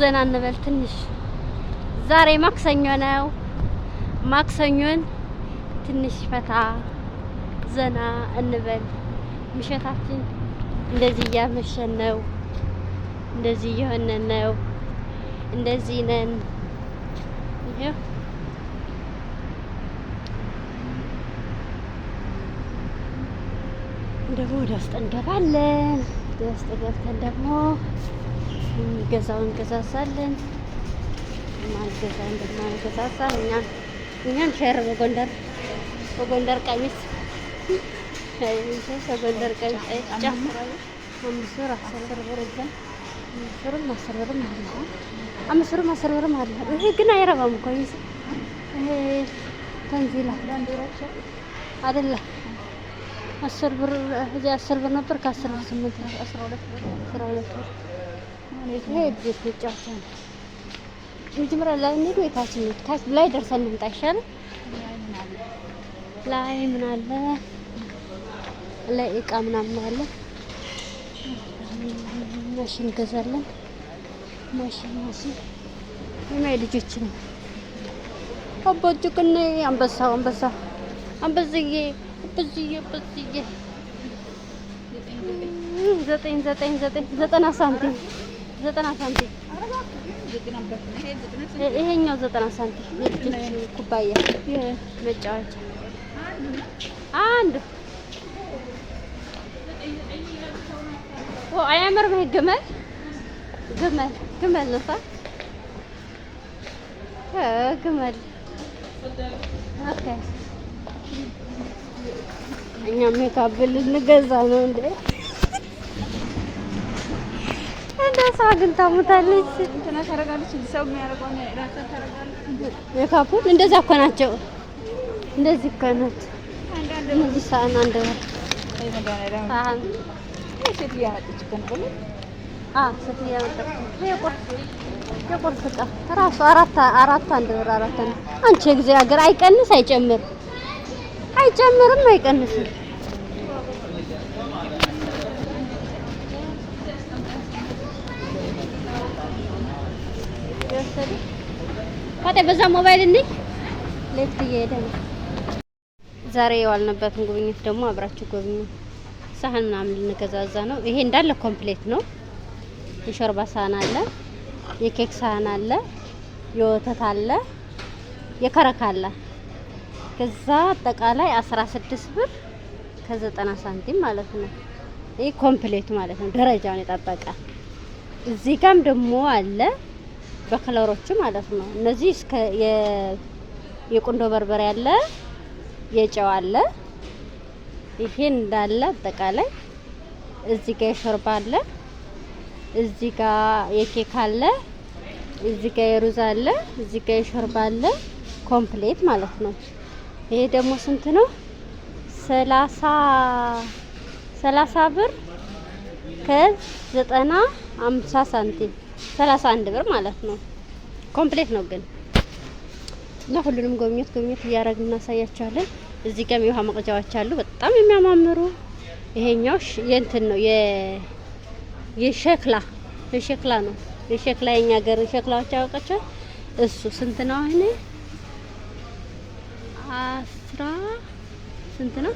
ዘና እንበል ትንሽ። ዛሬ ማክሰኞ ነው። ማክሰኞን ትንሽ ፈታ ዘና እንበል። ምሸታችን እንደዚህ እያመሸን ነው። እንደዚህ እየሆነ ነው። እንደዚህ ነን። ይሄ ደግሞ ወደ ውስጥ እንገባለን። ወደ ውስጥ ገብተን ደግሞ የሚገዛው እንገዛሳለን፣ ማልገዛ እንደማንገዛሳ እኛ እኛም ሸር በጎንደር በጎንደር ቀሚስ በጎንደር ቀሚስ ጫማ አምስት ብር አስር ብር እዛም አምስት አስር ብርም አለ አምስት ብርም አስር ብርም አለ። ይሄ ግን አይረባም እኮ ይሄ ተንዚላ አይደለም። አስር ብር እዚህ አስር ብር ነበር ከአስር ብር ስምንት አስራ ሁለት ብር ነው። መጀመሪያ ላይ እንሂድ ወይ ታች እንሂድ? ታች ላይ ደርሰን ልምጣ ይሻላል። ላይ ምን አለ? ላይ እቃ ምናምን አለ። ማሽን እንገዛለን ማሽን ማሽን የማይ ልጆች ነው። አባጅቅና አንበሳው አንበሳ አንበዝዬ አንበዝዬ አንበዝዬ ዘጠኝ ዘጠኝ ዘጠኝ ዘጠና ሳንቲም ዘጠና ሳንቲም ይሄኛው ዘጠና ሳንቲም የልጆች ኩባያ መጫወቻ አንዱ አያምርም። ይሄ ግመል ግመል ግመል ነው ግመል እኛ ሜካፕ ልንገዛ ነው እንዴ? እንደ ሰው አግኝታ ሙታለች። የካፑን እንደዛ እኮ ናቸው። እንደዚህ እኮ ናቸው። እነዚህ ሰዓን አንድ የቁርስ ዕቃ እራሱ አራት አንድ ብር አራት አንድ አንቺ የጊዜ ሀገር አይቀንስ አይጨምር አይጨምርም አይቀንስም ፋጤ በዛ ሞባይል እንዴ ሌፍት እየሄደ ነው። ዛሬ የዋልንበትን ጉብኝት ደግሞ አብራችሁ ጎብኙ። ሳህን ምናምን ልንገዛዛ ነው። ይሄ እንዳለ ኮምፕሌት ነው። የሾርባ ሳህን አለ፣ የኬክ ሳህን አለ፣ የወተት አለ፣ የከረካ አለ። ከዛ አጠቃላይ 16 ብር ከዘጠና ሳንቲም ማለት ነው። ይሄ ኮምፕሌት ማለት ነው፣ ደረጃውን የጠበቀ እዚህ ጋም ደግሞ አለ በከለሮቹ ማለት ነው። እነዚህ እስከ የቁንዶ በርበሬ አለ፣ የጨው አለ፣ ይሄ እንዳለ አጠቃላይ እዚህ ጋር የሾርባ አለ፣ እዚህ ጋር የኬክ አለ፣ እዚህ ጋር የሩዝ አለ፣ እዚህ ጋር የሾርባ አለ፣ ኮምፕሌት ማለት ነው። ይሄ ደግሞ ስንት ነው? ሰላሳ ሰላሳ ብር ከዘጠና አምሳ ሳንቲም ሰላሳ አንድ ብር ማለት ነው። ኮምፕሌት ነው ግን እና ሁሉንም ጎብኘት ጎብኘት እያደረግን እናሳያቸዋለን። እዚህ ጋር የውሃ መቅጃዎች አሉ በጣም የሚያማምሩ። ይሄኛው የእንትን ነው የሸክላ የሸክላ ነው የሸክላ የኛ ሀገር ሸክላዎች ያወቃቸው እሱ ስንት ነው? እኔ አስራ ስንት ነው?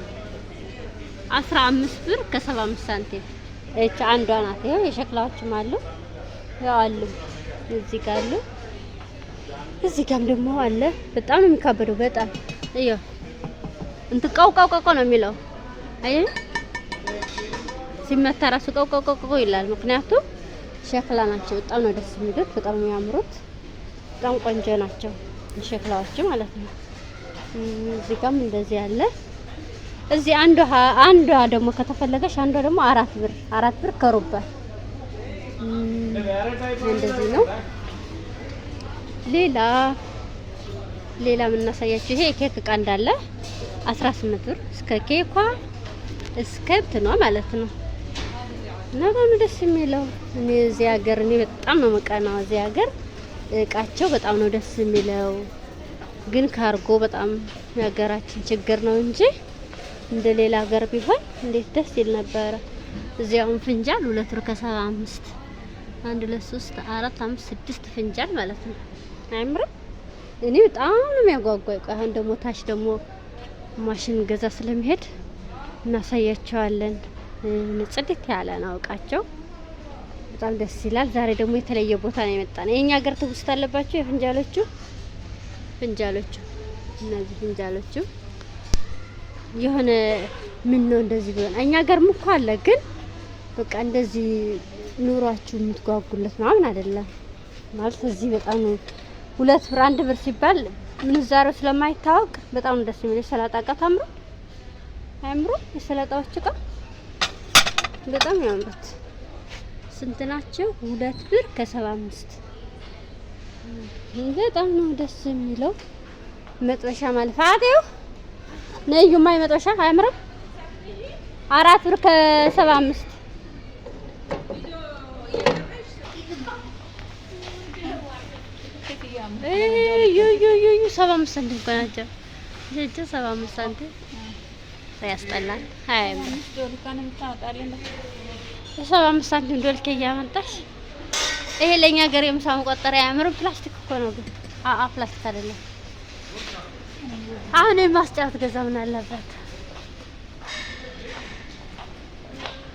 አስራ አምስት ብር ከሰባ አምስት ሳንቲም እቺ አንዷ ናት። ይሄ የሸክላዎችም አሉ ያው አሉ እዚህ ጋር አሉ። እዚህ ጋርም ደግሞ አለ። በጣም ነው የሚካበደው። በጣም እዮ እንትን ቀው ቀው ነው የሚለው። አይ ሲመታ ራሱ ቀው ቀው ቀው ይላል። ምክንያቱም ሸክላ ናቸው። በጣም ነው ደስ የሚሉት። በጣም ነው የሚያምሩት። በጣም ቆንጆ ናቸው ሸክላዎች ማለት ነው። እዚህ ጋርም እንደዚህ አለ። እዚህ አንዷ አንዷ ደግሞ ከተፈለገሽ አንዷ ደግሞ አራት ብር አራት ብር ከሩባ እንደዚህ ነው። ሌላ ሌላ የምናሳያችሁ ይሄ ኬክ እቃ እንዳለ 18 ብር እስከ ኬኳ እስከ እንትኗ ማለት ነው። እና በጣም ደስ የሚለው እኔ እዚህ ሀገር እኔ በጣም ነው መቀናው። እዚህ ሀገር እቃቸው በጣም ነው ደስ የሚለው፣ ግን ካርጎ በጣም የሀገራችን ችግር ነው እንጂ እንደ ሌላ ሀገር ቢሆን እንዴት ደስ ይል ነበረ። እዚያውን ፍንጃል ሁለት ብር ከሰባ አምስት አንድ ሁለት ሶስት አራት አምስት ስድስት ፍንጃል ማለት ነው። አያምርም? እኔ በጣም ነው የሚያጓጓይ። ቆይ አሁን ደግሞ ታች ደግሞ ማሽን ገዛ ስለሚሄድ እናሳያቸዋለን። ንጽድት ያለ ነው እቃቸው በጣም ደስ ይላል። ዛሬ ደግሞ የተለየ ቦታ ነው የመጣ ነው። የኛ ሀገር ትውስት አለባቸው የፍንጃሎቹ ፍንጃሎቹ እነዚህ ፍንጃሎቹ የሆነ ምን ነው እንደዚህ ቢሆን እኛ ሀገርም እኮ አለ ግን በቃ እንደዚህ ኑሯችሁ የምትጓጉለት ምናምን አይደለም ማለት እዚህ በጣም ሁለት ብር አንድ ብር ሲባል ምንዛሬው ስለማይታወቅ በጣም ደስ የሚለው የሰላጣ እቃ ታምሮ አያምሮ የሰላጣዎች እቃ በጣም ያምሩት። ስንት ናቸው? ሁለት ብር ከሰባ አምስት በጣም ነው ደስ የሚለው። መጥበሻ ማለት ፋቴው ነዩማ መጥበሻ አያምርም? አራት ብር ከሰባ አምስት ሰባ ሳንቲም እኮ ናቸው። ጀጀ ሰባ አምስት ሳንቲም ያስጠላል። ሀያ የሰባ አምስት ሳንቲም ዶልኬ እያመጣሽ ይሄ ለእኛ ሀገር የምሳ መቆጠሪያ አያምርም። ፕላስቲክ እኮ ነው ግን አአ ፕላስቲክ አይደለም። አሁን የማስጫወት ገዛ ምን አለበት?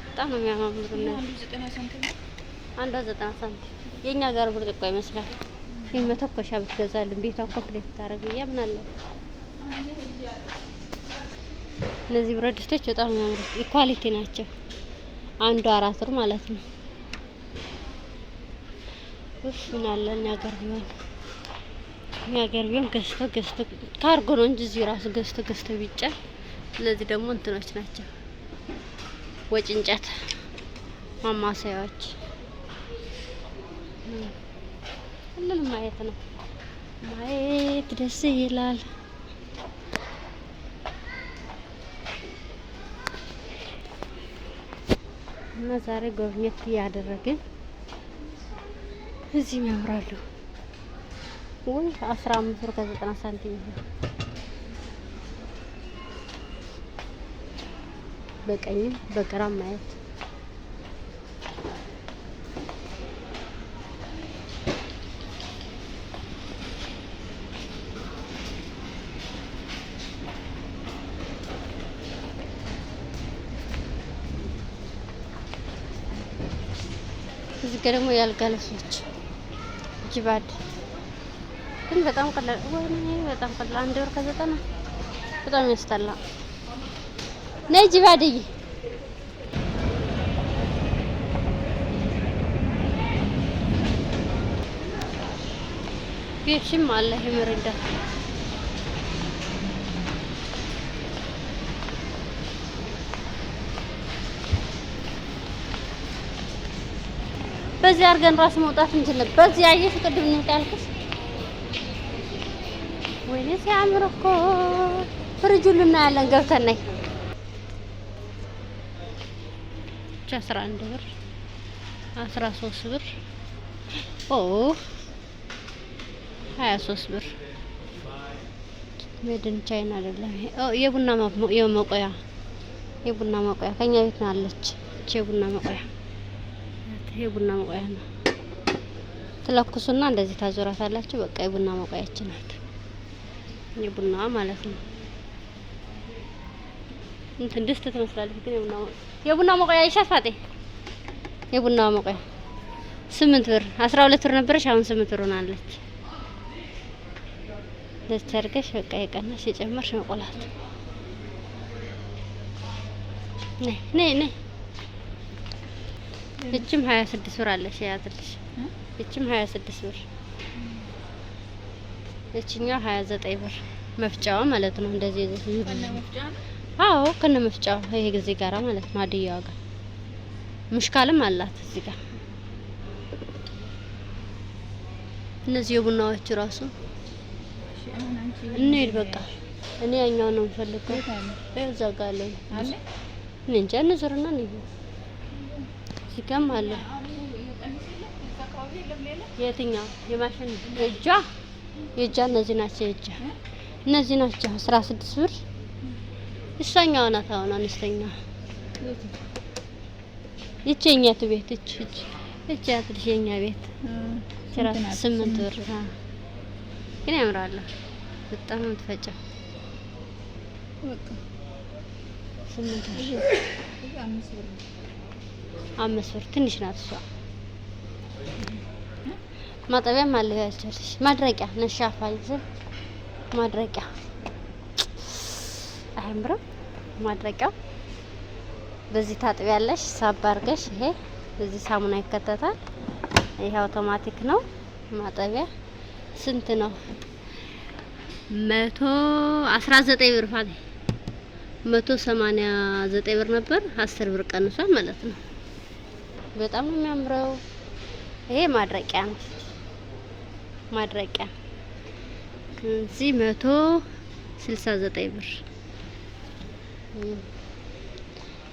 በጣም ነው የሚያማምሩና አንዷ ዘጠና ሳንቲም የእኛ ሀገር ብርጭቆ ይመስላል። ይህ መተኮሻ ብትገዛልን ቤቷ ኮምፕሌት ታደርግ እያምናለሁ። እነዚህ ብረት ድስቶች በጣም የሚያምሩ ኳሊቲ ናቸው። አንዱ አራት ብር ማለት ነው። ውፍ ምን አለ እኛ ሀገር ቢሆን እኛ ሀገር ቢሆን ገዝቶ ገዝቶ ካርጎ ነው እንጂ እዚህ ራሱ ገዝቶ ገዝቶ ቢጫ። እነዚህ ደግሞ እንትኖች ናቸው ወጭ እንጨት ማማሰያዎች ክልል ማየት ነው። ማየት ደስ ይላል። እና ዛሬ ጎብኘት እያደረግን እዚህ ያምራሉ ወይ አስራ አምስት ብር ከዘጠና ሳንቲም በቀኝም በግራም ማየት ደግሞ የአልጋ ልብሶች ጅባድ ግን በጣም ቀላል ወይኔ፣ በጣም ቀላል አንድ ብር ከዘጠና በጣም ያስጠላ። ነይ ጅባድዬ ቤሽም አለ ይመረዳል። በዚህ አድርገን ራሱ መውጣት እንችልም። በዚህ አየሽ፣ ቅድም ነው ያልኩሽ። ወይኔ ሲያምር እኮ ፍሪጁ እናያለን። ገብተን ነይ ብቻ 11 ብር 13 ብር ኦ 23 ብር ሜድን ቻይና አይደለም። ኦ የቡና መቆያ የቡና መቆያ ከኛ ቤት ነው አለች። የቡና መቆያ ይሄ ቡና መቆያ ነው። ትለኩሱና እንደዚህ ታዞራታላችሁ። በቃ የቡና መቆያችን ናት። የቡናዋ ማለት ነው። እንትን ድስት ትመስላለች፣ ግን የቡና የቡና መቆያ ይሻፋጤ የቡናዋ መቆያ ስምንት ብር አስራ ሁለት ብር ነበረች፣ አሁን ስምንት ብር ሆናለች። ደስ አድርገሽ በቃ የቀነሽ የጨመርሽ መቆላት ነይ ነይ ነይ እችም ሀያ ስድስት ብር አለሽ ያዝልሽ። እችም ሀያ ስድስት ብር እችኛው ሀያ ዘጠኝ ብር መፍጫዋ ማለት ነው። እንደዚህ አዎ፣ ከነ መፍጫው ይሄ ጊዜ ጋራ ማለት ነው። አድያዋ ጋር ሙሽካልም አላት እዚህ ጋር እነዚህ የቡናዎች ራሱ እንሂድ በቃ። እኔ ያኛው ነው የምፈልገው። እዛው ጋር አለ። እኔ እንጃ እንዞርና ነው እዚህ አለ። የትኛው የማሽን እጃ የእጇ እነዚህ ናቸው። የእጇ እነዚህ ናቸው። አስራ ስድስት ብር እሷኛዋ ናት። አሁን አነስተኛ ይቺ የእኛቱ ቤት እች እች እች ያትልሽ የኛ ቤት ስራ ስምንት ብር ግን ያምራል። በጣም ነው የምትፈጨው። ስምንት ብር አምስት ብር ትንሽ ናት እሷ። ማጠቢያ አለያቸልሽ ማድረቂያ ነሻፋኝ ስል ማድረቂያ አያምርም? ማድረቂያው በዚህ ታጥቢያለሽ፣ ሳብ አድርገሽ ይሄ በዚህ ሳሙና ይከተታል። ይሄ አውቶማቲክ ነው። ማጠቢያ ስንት ነው? መቶ አስራ ዘጠኝ ብር ፋ መቶ ሰማንያ ዘጠኝ ብር ነበር። አስር ብር ቀንሷል ማለት ነው። በጣም ነው የሚያምረው። ይሄ ማድረቂያ ነው ማድረቂያ እዚህ 169 ብር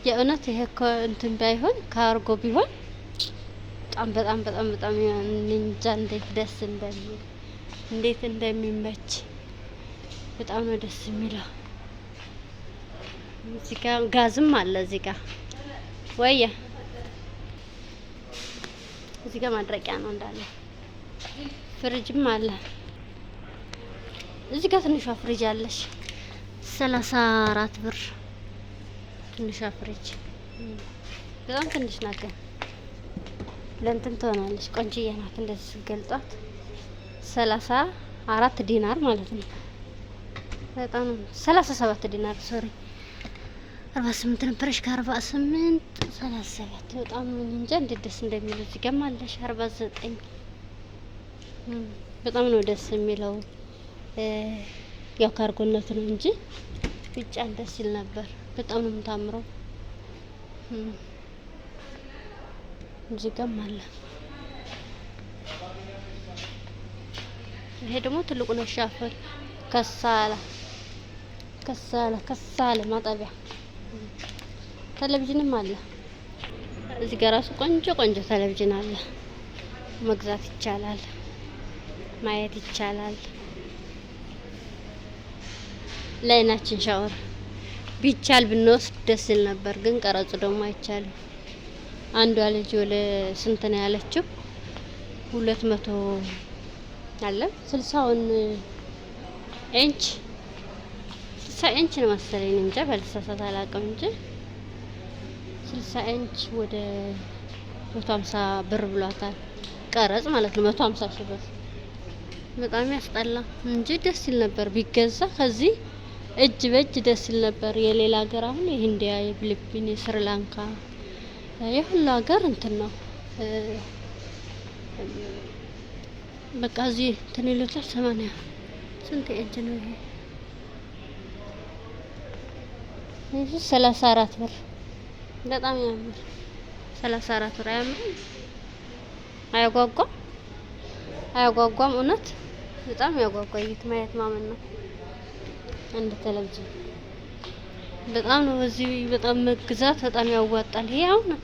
የእውነት ይሄ እኮ እንትን ባይሆን ካርጎ ቢሆን በጣም በጣም በጣም በጣም እንጃ እንዴት ደስ እንደሚል እንዴት እንደሚመች በጣም ነው ደስ የሚለው። እዚህ ጋር ጋዝም አለ እዚህ ጋር ወየ እዚህ ጋር ማድረቂያ ነው እንዳለ። ፍሪጅም አለ እዚህ ጋር ትንሿ ፍሪጅ አለች፣ ሰላሳ አራት ብር ትንሿ ፍሪጅ በጣም ትንሽ ናት፣ ግን ለእንትን ትሆናለች። ቆንጅዬ ናት። እንደዚህ ስትገልጧት ሰላሳ አራት ዲናር ማለት ነው። በጣም ሰላሳ ሰባት ዲናር ሶሪ አርባ ስምንት ነበረች ከአርባ ስምንት ሰላሳ ሰባት በጣም እንጃ እንዴት ደስ እንደሚለው እዚህ ጋር አርባ ዘጠኝ በጣም ነው ደስ የሚለው። ያው ካርጎነት ነው እንጂ ብጫን ደስ ይል ነበር። በጣም ነው የምታምረው። እዚህ አለ። ይሄ ደግሞ ትልቁ ነው። ሻፈር ከሳለ ከሳለ ከሳለ ማጠቢያ ቴሌቪዥንም አለ። እዚህ ጋር ራሱ ቆንጆ ቆንጆ ቴሌቪዥን አለ። መግዛት ይቻላል፣ ማየት ይቻላል። ለአይናችን ሻወር ቢቻል ብንወስድ ደስ ይል ነበር፣ ግን ቀረጹ ደግሞ አይቻልም። አንዷ ልጅ ወደ ስንት ነው ያለችው? ሁለት መቶ አለ ስልሳውን ኢንች ስልሳ ኢንች ነው መሰለኝ እንጃ በልሳሳት አላውቅም እንጂ ስልሳ ኢንች ወደ መቶ ሀምሳ ብር ብሏታል። ቀረጽ ማለት ነው መቶ ሀምሳ ሺህ ብር በጣም ያስጠላ እንጂ ደስ ይል ነበር ቢገዛ ከዚህ እጅ በእጅ ደስ ይል ነበር። የሌላ ሀገር አሁን የህንዲያ የፊሊፒን፣ የስሪላንካ የሁሉ ሀገር እንትን ነው በቃ እዚህ ትንሎቻ ሰማንያ ስንት ኢንች ነው ይሄ? እንጂ ሰላሳ ብር በጣም ያምር። 34 ብር አያምርም? አያጓጓም? አያጓጓም? እውነት በጣም ያጓጓ። እዩት፣ ማየት ማመን ነው። አንድ ቴሌቪዥን በጣም ነው። በዚህ በጣም መግዛት በጣም ያዋጣል። ይሄ አሁን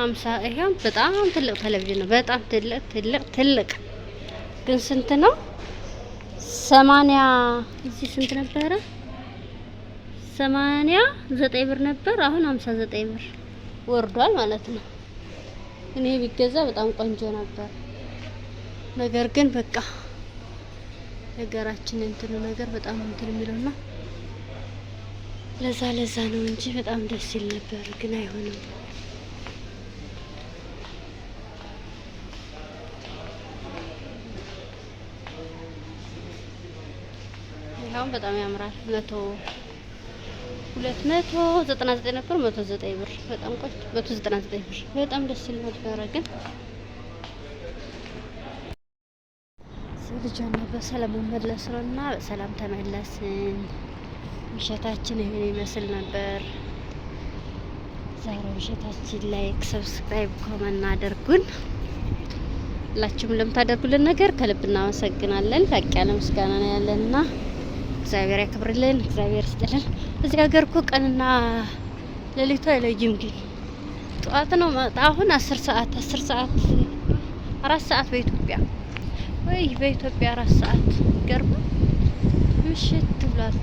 50 ይሄም በጣም ትልቅ ቴሌቪዥን ነው። በጣም ትልቅ ትልቅ ትልቅ ግን ስንት ነው? ሰማንያ እዚህ ስንት ነበረ? ሰማንያ ዘጠኝ ብር ነበር። አሁን ሀምሳ ዘጠኝ ብር ወርዷል ማለት ነው። እኔ ቢገዛ በጣም ቆንጆ ነበር። ነገር ግን በቃ ነገራችን እንትኑ ነገር በጣም እንትን የሚለውና ለዛ ለዛ ነው እንጂ በጣም ደስ ይል ነበር፣ ግን አይሆንም። ይኸውም በጣም ያምራል መቶ ሁለት መቶ ዘጠና ዘጠኝ ነበር። መቶ ዘጠኝ ብር በጣም ቆይ፣ መቶ ዘጠና ዘጠኝ ብር በጣም ደስ ይል ነበረ። ግን ልጇና በሰላም መመለስ ነው እና በሰላም ተመለስን። ምሸታችን ይህን ይመስል ነበር። ዛሬ ምሸታችን ላይክ፣ ሰብስክራይብ፣ ኮመንት አድርጉን። ሁላችሁም ለምታደርጉልን ነገር ከልብ እናመሰግናለን። ላቅ ያለ ምስጋና ነው ያለንና እግዚአብሔር ያክብርልን፣ እግዚአብሔር ስጥልን። እዚህ ሀገር እኮ ቀንና ሌሊቱ አይለይም። ግን ጠዋት ነው መጣ አሁን አስር ሰዓት አስር ሰዓት አራት ሰዓት በኢትዮጵያ ወይ በኢትዮጵያ አራት ሰዓት ገርማ ምሽት ብሏል።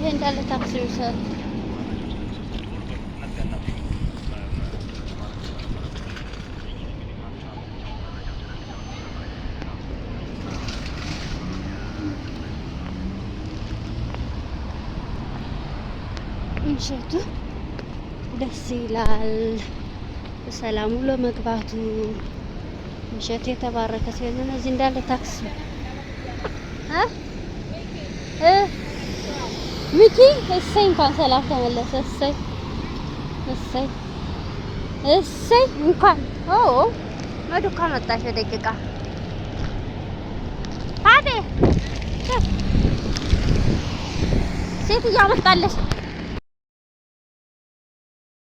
ይሄ እንዳለ ታክሲ ይሰራል። መሸቱ ደስ ይላል። ሰላሙ ለመግባቱ ምሸት የተባረከ ሲሆን እነዚህ እንዳለ ታክሲ ሚኪ እሰይ እንኳን ሰላም ተመለሰ። እሰይ እሰይ እሰይ እንኳን ኦ መዱካ እንኳን መጣሽ። ደቂቃ ሴት መጣለች።